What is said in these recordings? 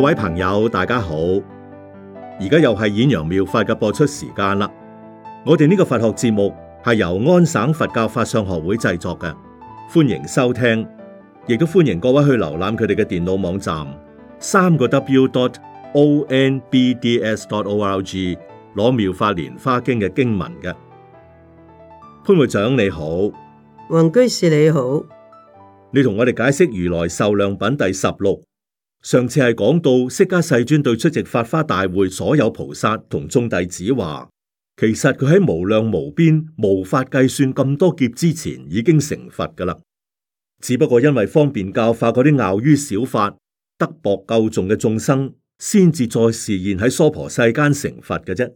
各位朋友，大家好！而家又係顯揚妙法嘅播出時間啦。我哋呢個佛學節目係由安省佛教法相學會製作嘅，歡迎收聽，亦都歡迎各位去瀏覽佢哋嘅電腦網站，三個 W dot O N B D S dot O R G，攞妙法蓮花經嘅經文嘅。潘會長你好，王居士你好，你同我哋解釋如來壽量品第十六。上次係講到釋迦世尊對出席法花大會所有菩薩同眾弟子話，其實佢喺無量無邊無法計算咁多劫之前已經成佛噶啦，只不過因為方便教化嗰啲囿於小法德薄垢重嘅眾生，先至再示現喺娑婆世間成佛嘅啫。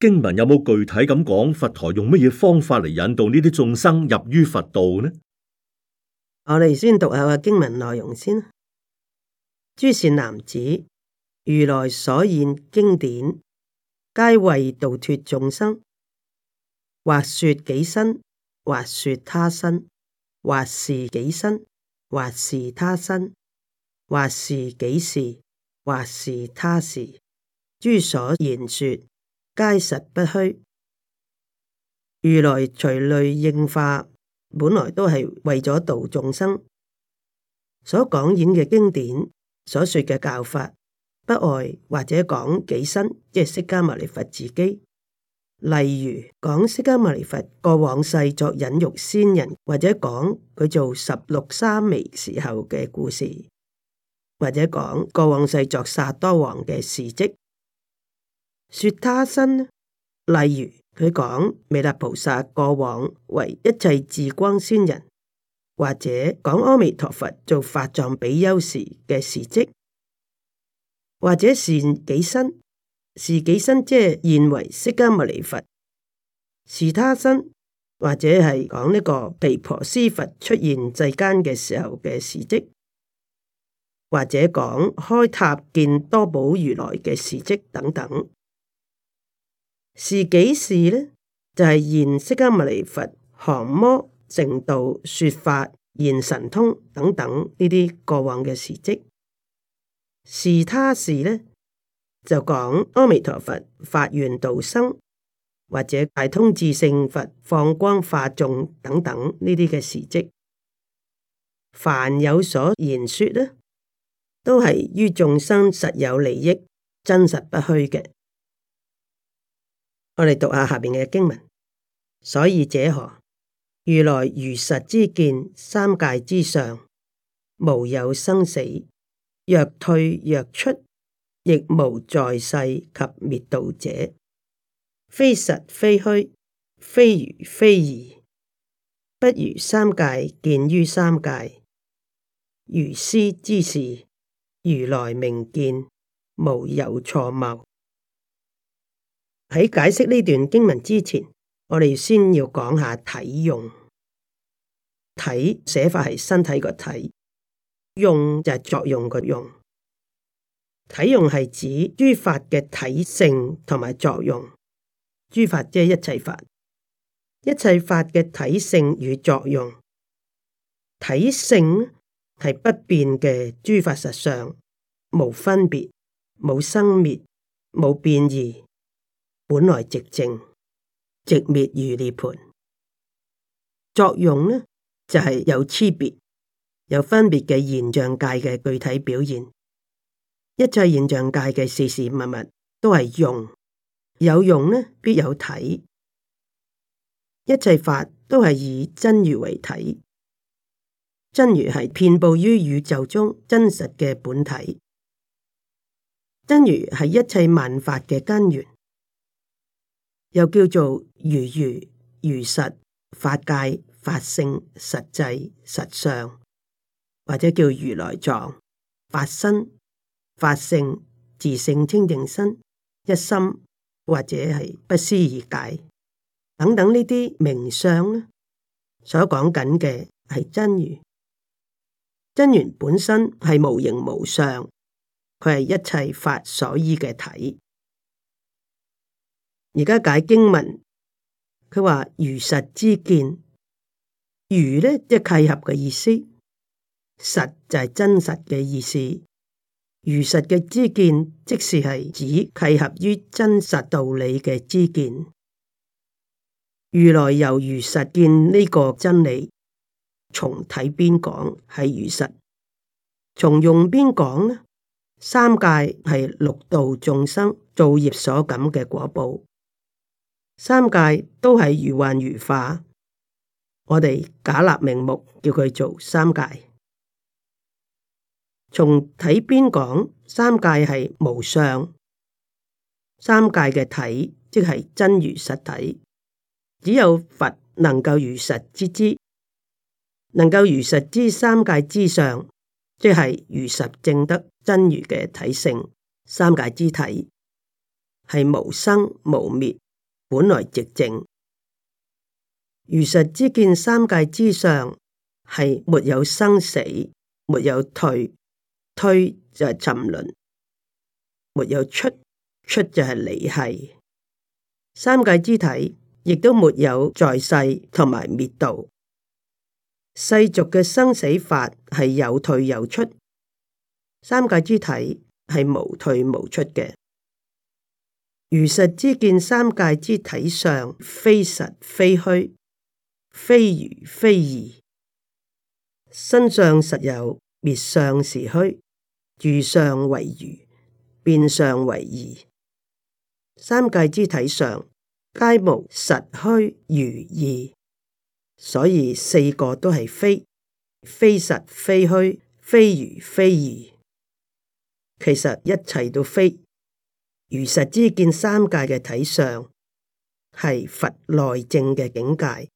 經文有冇具體咁講佛陀用乜嘢方法嚟引導呢啲眾生入於佛道呢？我哋先讀下經文內容先。諸善男子，如來所演經典，皆為度脫眾生。或說己身，或說他身；或示己身，或示他身；或示己事，或示他事。諸所言說，皆實不虛。如來隨類應化，本來都係為咗度眾生所講演嘅經典。所說嘅教法，不外或者講己身，即係釋迦牟尼佛自己。例如講釋迦牟尼佛過往世作忍辱仙人，或者講佢做十六三微時候嘅故事，或者講過往世作薩多王嘅事迹，說他身。例如佢講彌勒菩薩過往為一切智光仙人。或者講阿彌陀佛做法藏比丘時嘅事跡，或者善己身，是己身即現為釋迦牟尼佛，是他身，或者係講呢個毘婆尸佛出現世間嘅時候嘅事跡，或者講開塔見多寶如來嘅事跡等等，是己事呢？就係、是、現釋迦牟尼佛降魔。成道說法現神通等等呢啲過往嘅事迹，是他時咧就講阿彌陀佛發願度生，或者大通智勝佛放光化眾等等呢啲嘅事迹。凡有所言說咧，都係於眾生實有利益，真實不虛嘅。我哋讀下下邊嘅經文，所以者何。如來如實之見，三界之上無有生死，若退若出，亦無在世及滅度者，非實非虛，非如非異，不如三界見於三界，如斯之事，如來明見，無有錯謬。喺解釋呢段經文之前，我哋先要講下體用。體寫法係身體個體，用就係作用個用。體用係指諸法嘅體性同埋作用。諸法即係一切法，一切法嘅體性與作用。體性係不變嘅諸法實相，無分別，冇生滅，冇變異，本來寂靜。直滅如涅盤，作用呢就係、是、有差別、有分別嘅現象界嘅具體表現。一切現象界嘅事事物物都係用，有用呢必有體。一切法都係以真如為體，真如係遍布於宇宙中真實嘅本體，真如係一切萬法嘅根源，又叫做。如如如實法界法性實際實相，或者叫如來藏、法身、法性、自性清淨身、一心，或者係不思議解等等呢啲名相咧，所講緊嘅係真如，真如本身係無形無相，佢係一切法所依嘅體。而家解經文。佢話如實之見，如呢即係契合嘅意思，實就係真實嘅意思。如實嘅知見，即是係指契合於真實道理嘅知見。如來由如實見呢個真理，從睇邊講係如實，從用邊講呢？三界係六道眾生造業所感嘅果報。三界都係如幻如化，我哋假立名目，叫佢做三界。從體邊講，三界係無相，三界嘅體即係真如實體，只有佛能夠如實知之，之，能夠如實知三界之上，即係如實證得真如嘅體性。三界之體係無生無滅。本來寂靜如實之見，三界之上係沒有生死，沒有退，退就係沉淪，沒有出，出就係離世。三界之體亦都沒有在世同埋滅度。世俗嘅生死法係有退有出，三界之體係無退無出嘅。如實之見，三界之體相，非實非虛，非如非異。身相實有，滅相是虛，住相為如，變相為異。三界之體相，皆無實虛如異，所以四個都係非，非實非虛，非如非異。其實一切都非。如實知見三界嘅體相，係佛內證嘅境界，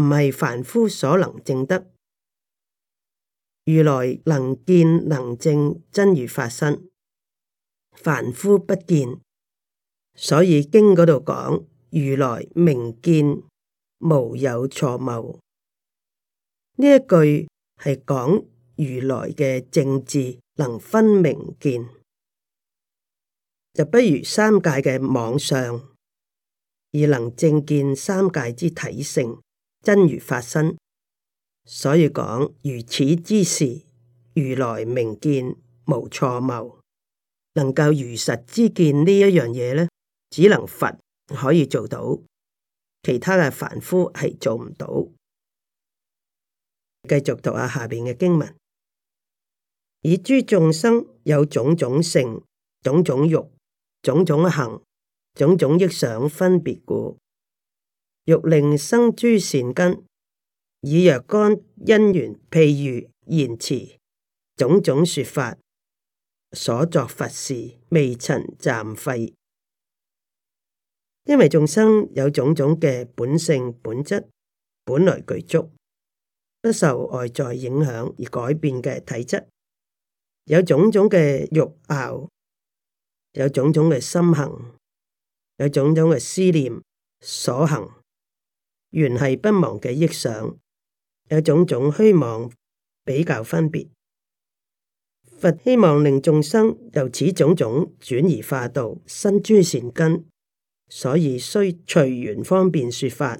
唔係凡夫所能證得。如來能見能證，真如法身，凡夫不見，所以經嗰度講，如來明見，無有錯謬。呢一句係講如來嘅正智，能分明見。就不如三界嘅妄相，而能正見三界之體性真如發生，所以講，如此之事，如來明見無錯謬，能夠如實之見呢一樣嘢咧，只能佛可以做到，其他嘅凡夫係做唔到。繼續讀下下面嘅經文，以諸眾生有種種性，種種欲。種種行，種種憶想分別故，欲令生諸善根，以若干因緣，譬喻言辭，種種說法，所作佛事，未曾暫廢。因為眾生有種種嘅本性本質，本來具足，不受外在影響而改變嘅體質，有種種嘅欲拗。有種種嘅心行，有種種嘅思念所行，原係不忘嘅憶想，有種種虛妄比較分別。佛希望令眾生由此種種轉移化度，生諸善根，所以需隨緣方便說法，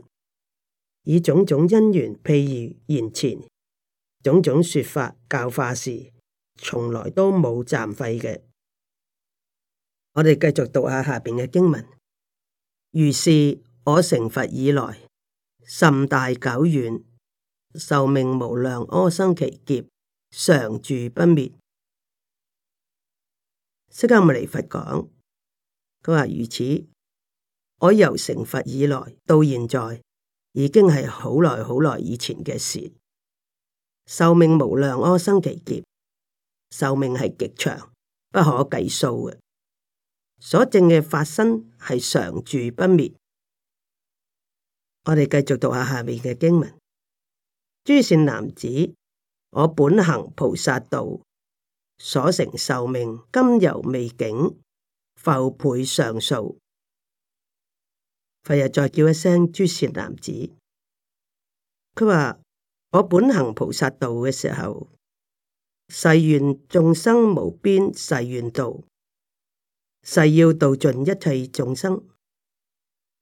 以種種因緣譬喻言前，種種說法教化時，從來都冇暫廢嘅。我哋繼續讀下下邊嘅經文。如是，我成佛以來甚大久遠，壽命無量，阿僧祇劫，常住不滅。釋迦牟尼佛講：佢話如此，我由成佛以來到現在，已經係好耐好耐以前嘅事。壽命無量，阿僧祇劫，壽命係極長，不可計數嘅。所證嘅法身係常住不滅。我哋繼續讀下下面嘅經文：「諸善男子，我本行菩薩道，所成壽命今猶未盡，復倍上數。佛又再叫一聲諸善男子，佢話我本行菩薩道嘅時候，誓願眾生無邊誓願度。」誓要度盡一切眾生，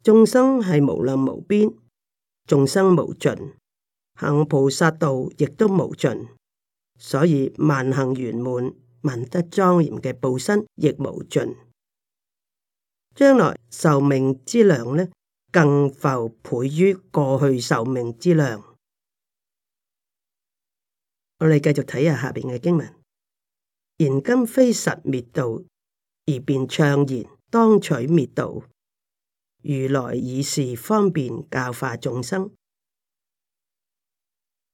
眾生係無量無邊，眾生無盡，行菩薩道亦都無盡，所以萬行圓滿、萬德莊嚴嘅報身亦無盡。將來壽命之量呢，更浮倍於過去壽命之量。我哋繼續睇下下面嘅經文，現今非實滅度。而便唱言當取滅度，如來以是方便教化眾生。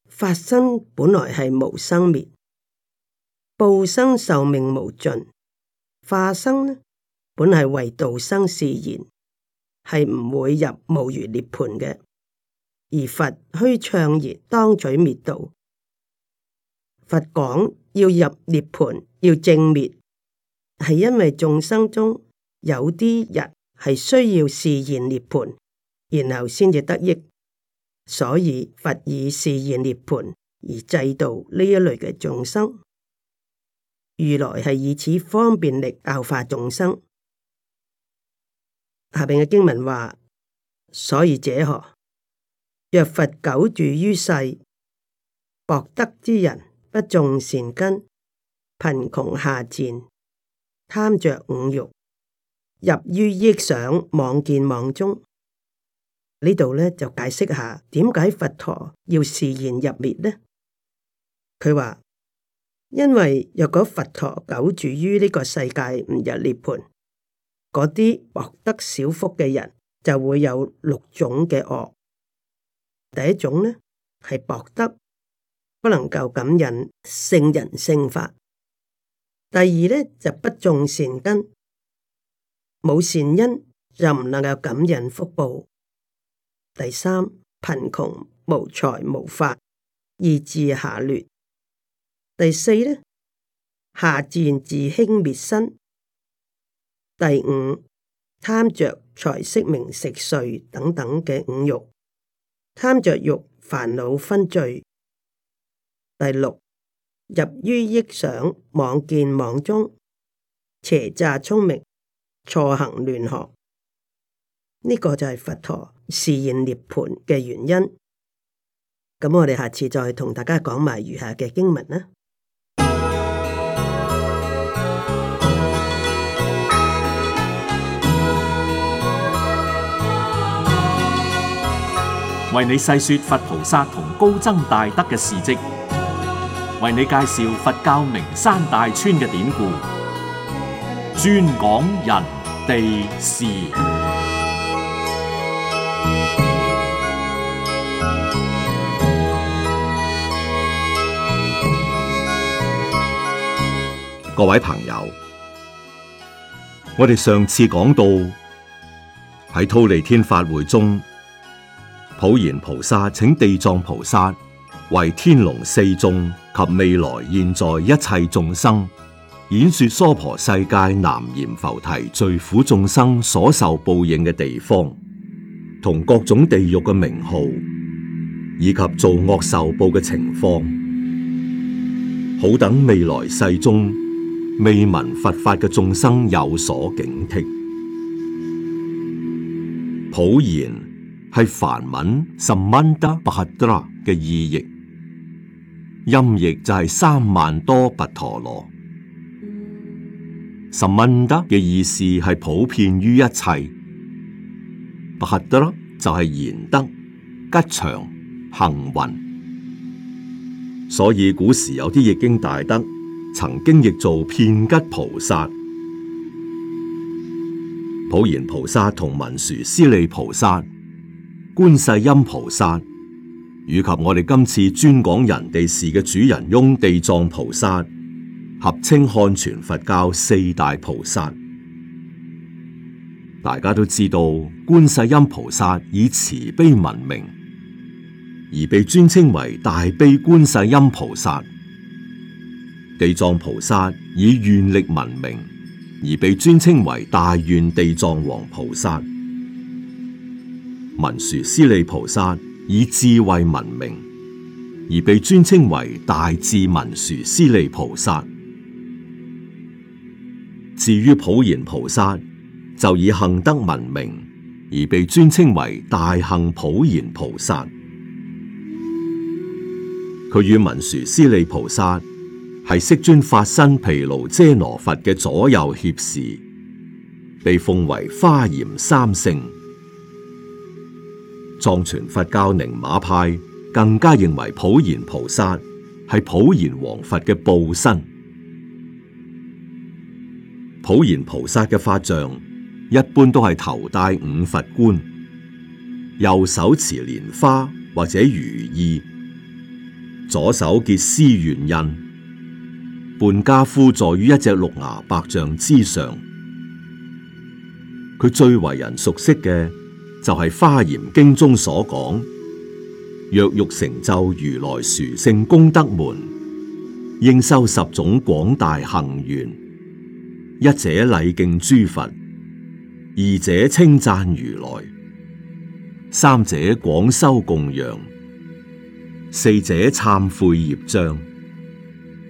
法身，本來係無生滅，報身壽命無盡，化身本係為度生示現，係唔會入無餘涅盤嘅。而佛虛唱言當取滅度，佛講要入涅盤，要證滅。係因為眾生中有啲人係需要示現涅槃，然後先至得益，所以佛以示現涅槃而濟度呢一類嘅眾生。如來係以此方便力教化眾生。下面嘅經文話：「所以者何？若佛久住於世，薄德之人不種善根，貧窮下賤。貪着五欲，入於憶想、妄見、網中。呢度咧就解釋下點解佛陀要示現入滅呢？佢話因為若果佛陀久住於呢個世界唔入涅盤，嗰啲薄德少福嘅人就會有六種嘅惡。第一種呢係薄德不能夠感引聖人聖法。第二呢，就不種善根，冇善因就唔能夠感應福報。第三貧窮，無財，無法，意志下劣。第四呢，下賤自輕滅身。第五貪着財色名食睡等等嘅五欲，貪着欲煩惱紛聚。第六，入於憶想，妄見網中，邪詐聰明，錯行亂學。呢、這個就係佛陀示現涅槃嘅原因。咁我哋下次再同大家講埋餘下嘅經文啦。為你細說佛菩薩同高僧大德嘅事跡。為你介紹佛教名山大川嘅典故，專講人地事。各位朋友，我哋上次講到喺忉利天法會中，普賢菩薩請地藏菩薩為天龍四眾。及未來現在一切眾生演說娑婆世界南閻浮提最苦眾生所受報應嘅地方，同各種地獄嘅名號，以及造惡受報嘅情況，好等未來世中未聞佛法嘅眾生有所警惕。普賢係梵文 Samantabhadra 嘅意譯。音譯就係三曼多跋陀羅，十問得嘅意思係普遍於一切，跋核得咯就係賢德吉祥幸運，所以古時有啲譯經大德，曾經譯做遍吉菩薩、普賢菩薩、同文殊師利菩薩、觀世音菩薩。以及我哋今次專講人哋事嘅主人翁地藏菩薩，合稱漢傳佛教四大菩薩。大家都知道，觀世音菩薩以慈悲聞名，而被尊稱為大悲觀世音菩薩；地藏菩薩以願力聞名，而被尊稱為大願地藏王菩薩。文殊師利菩薩。以智慧聞名，而被尊稱為大智文殊師利菩薩。至於普賢菩薩，就以行德聞名，而被尊稱為大行普賢菩薩。佢與文殊師利菩薩係釋尊法身毗盧遮羅佛嘅左右脅侍，被奉為華嚴三聖。藏傳佛教寧瑪派更加認為普賢菩薩係普賢王佛嘅報身。普賢菩薩嘅法像一般都係頭戴五佛冠，右手持蓮花或者如意，左手結施願印，半跏趺坐於一隻六牙白象之上。佢最為人熟悉嘅。就係、是《花嚴經》中所講：若欲成就如來殊勝功德門，應修十種廣大行願。一者禮敬諸佛，二者稱讚如來，三者廣修供養，四者懺悔業障，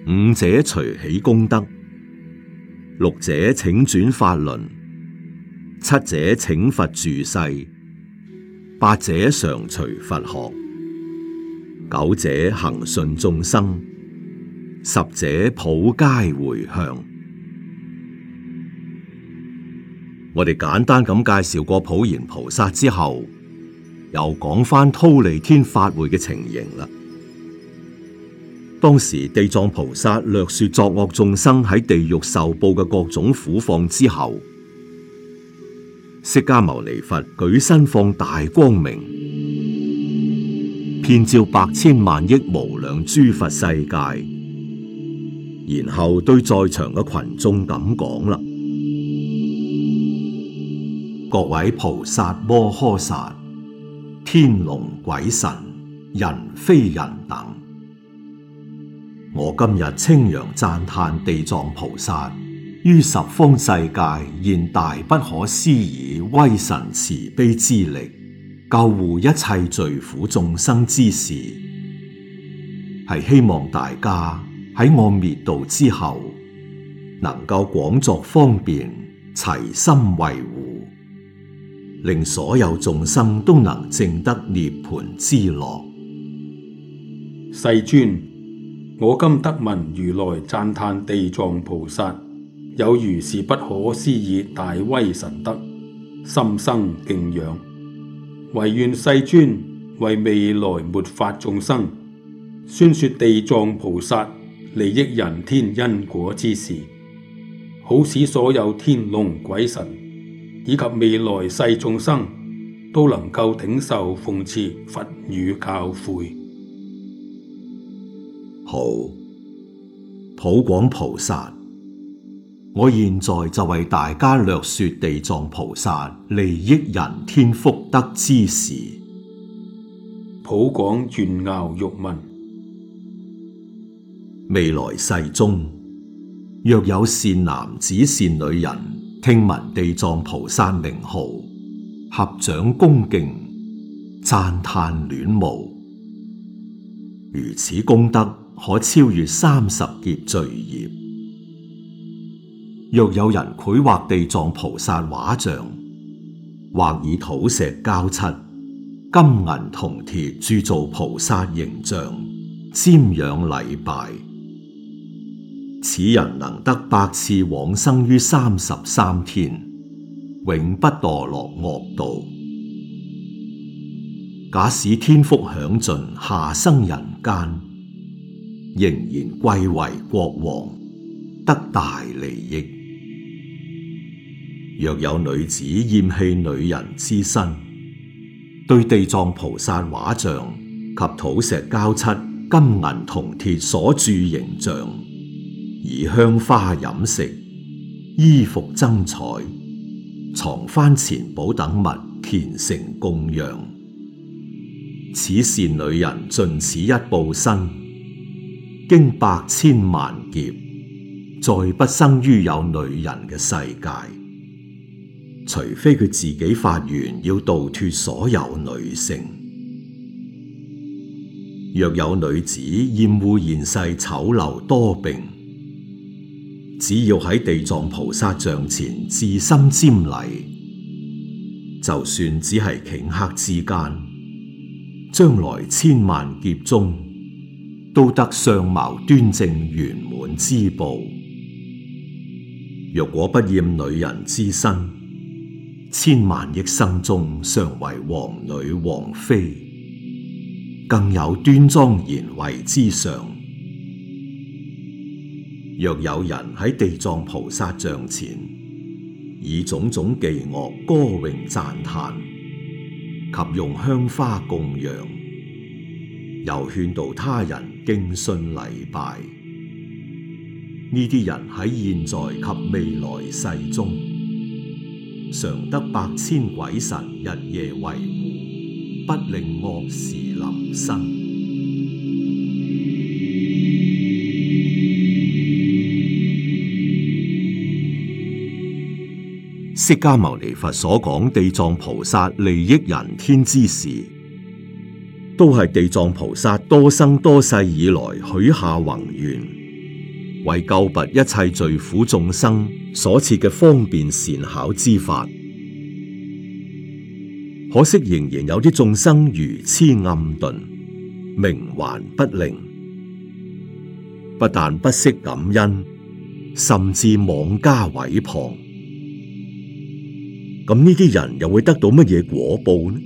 五者隨喜功德，六者請轉法輪，七者請佛住世。八者常隨佛學，九者恆順眾生，十者普皆回向。我哋簡單咁介紹過普賢菩薩之後，又講返忉利天法會嘅情形啦。當時地藏菩薩略說作惡眾生喺地獄受報嘅各種苦況之後，釋迦牟尼佛舉身放大光明，遍照百千萬億無量諸佛世界，然後對在場嘅群眾咁講啦：各位菩薩摩訶薩、天龍鬼神、人非人等，我今日稱揚讚歎地藏菩薩。於十方世界現大不可思議威神慈悲之力，救護一切罪苦眾生之時，係希望大家喺我滅度之後，能夠廣作方便，齊心維護，令所有眾生都能正得涅槃之樂。世尊，我今得聞如來讚嘆地藏菩薩。有如是不可思議大威神德，心生敬仰，唯願世尊為未來末法眾生，宣說地藏菩薩利益人天因果之事，好使所有天龍鬼神以及未來世眾生都能夠聽受奉持佛語教誨。好，普廣菩薩。我現在就為大家略說地藏菩薩利益人天福德之事。普廣願樂欲聞：未來世中，若有善男子善女人，聽聞地藏菩薩名號，合掌恭敬，讚歎戀慕，如此功德，可超越三十劫罪業。若有人繪畫地藏菩薩畫像，或以土石膠漆、金銀銅鐵鑄造菩薩形象，瞻仰禮拜，此人能得百次往生於三十三天，永不墮落惡道。假使天福享盡，下生人間，仍然貴為國王，得大利益。若有女子厭棄女人之身，對地藏菩薩畫像及土石膠漆、金銀銅鐵所鑄形象，而香花飲食、衣服增彩、藏翻錢寶等物虔誠供養，此善女人盡此一報身，經百千萬劫，再不生於有女人嘅世界。除非佢自己發願要度脱所有女性，若有女子厭惡現世醜陋多病，只要喺地藏菩薩像前志心瞻禮，就算只係頃刻之間，將來千萬劫中都得相貌端正圓滿之報。若果不厭女人之身，千萬億生中，常為王女王妃，更有端莊賢惠之上。若有人喺地藏菩薩像前，以種種伎樂歌詠讚歎，及用香花供養，又勸導他人敬信禮拜，呢啲人喺現在及未來世中，常得百千鬼神日夜衛護，不令惡事臨身。釋迦牟尼佛所講地藏菩薩利益人天之事，都係地藏菩薩多生多世以來許下宏願，為救拔一切罪苦眾生。所設嘅方便善巧之法，可惜仍然有啲眾生如痴暗鈍，冥頑不靈，不但不識感恩，甚至妄加毀謗。咁呢啲人又會得到乜嘢果報呢？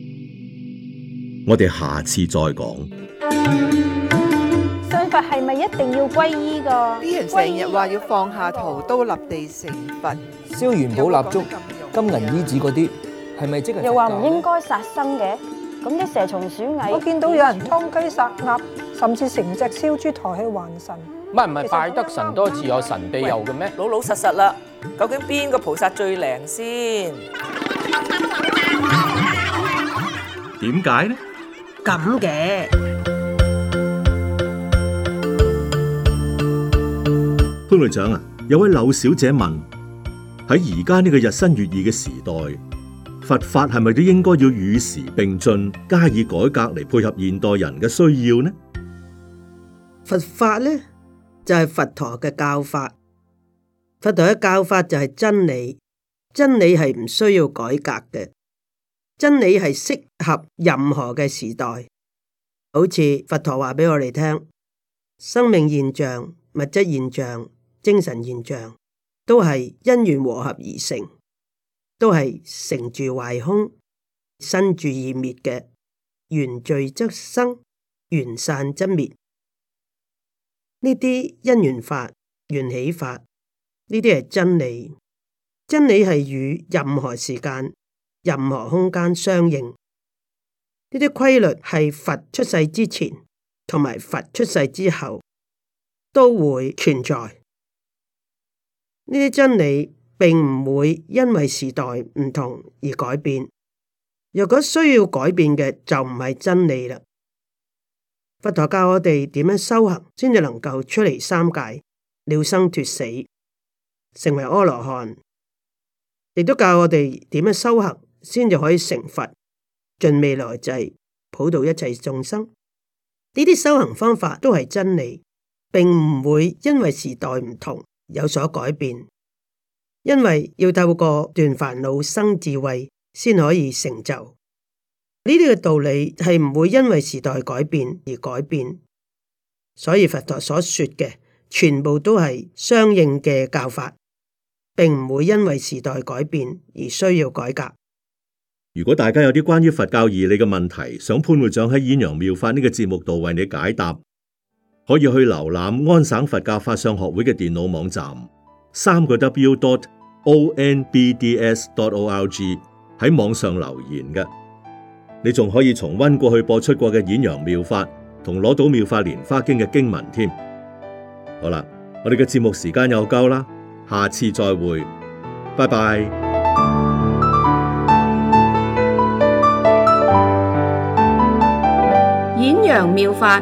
我哋下次再講。係咪一定要皈依噶？啲人成日話要放下屠刀立地成佛，燒元寶蠟燭、金銀衣紙嗰啲，係咪即係？又話唔應該殺生嘅，咁啲蛇蟲鼠蟻，我見到有人劏雞殺鴨，甚至成隻燒豬抬去還神。唔係唔係，拜得神多自有神庇佑嘅咩？老老實實啦，究竟邊個菩薩最靈先？點解呢？咁嘅。張律長啊，有位柳小姐問：喺而家呢個日新月異嘅時代，佛法係咪都應該要與時並進，加以改革嚟配合現代人嘅需要呢？佛法呢就係佛陀嘅教法，佛陀嘅教法就係真理，真理係唔需要改革嘅，真理係適合任何嘅時代。好似佛陀話俾我哋聽：生命現象、物質現象。精神現象都係因緣和合而成，都係成住壞空、生住異滅嘅，緣聚則生，緣散則滅。呢啲因緣法、緣起法，呢啲係真理。真理係與任何時間、任何空間相應。呢啲規律係佛出世之前同埋佛出世之後都會存在。呢啲真理並唔會因為時代唔同而改變。若果需要改變嘅就唔係真理啦。佛陀教我哋點樣修行先至能夠出離三界、了生脱死，成為阿羅漢。亦都教我哋點樣修行先至可以成佛、盡未來際、普渡一切眾生。呢啲修行方法都係真理，並唔會因為時代唔同，有所改變，因為要透過斷煩惱生智慧，先可以成就呢啲嘅道理，係唔會因為時代改變而改變。所以佛陀所說嘅全部都係相應嘅教法，並唔會因為時代改變而需要改革。如果大家有啲關於佛教義理嘅問題，想潘會長喺《陰陽妙法》呢個節目度為你解答。可以去瀏覽安省佛教法相學會嘅電腦網站，三個 W dot O N B D S dot O R G 喺網上留言嘅。你仲可以重温過去播出過嘅《演揚妙法》同攞到妙法《蓮花經》嘅經文添。好啦，我哋嘅節目時間又夠啦，下次再會，拜拜。演揚妙法。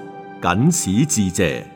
僅此致謝。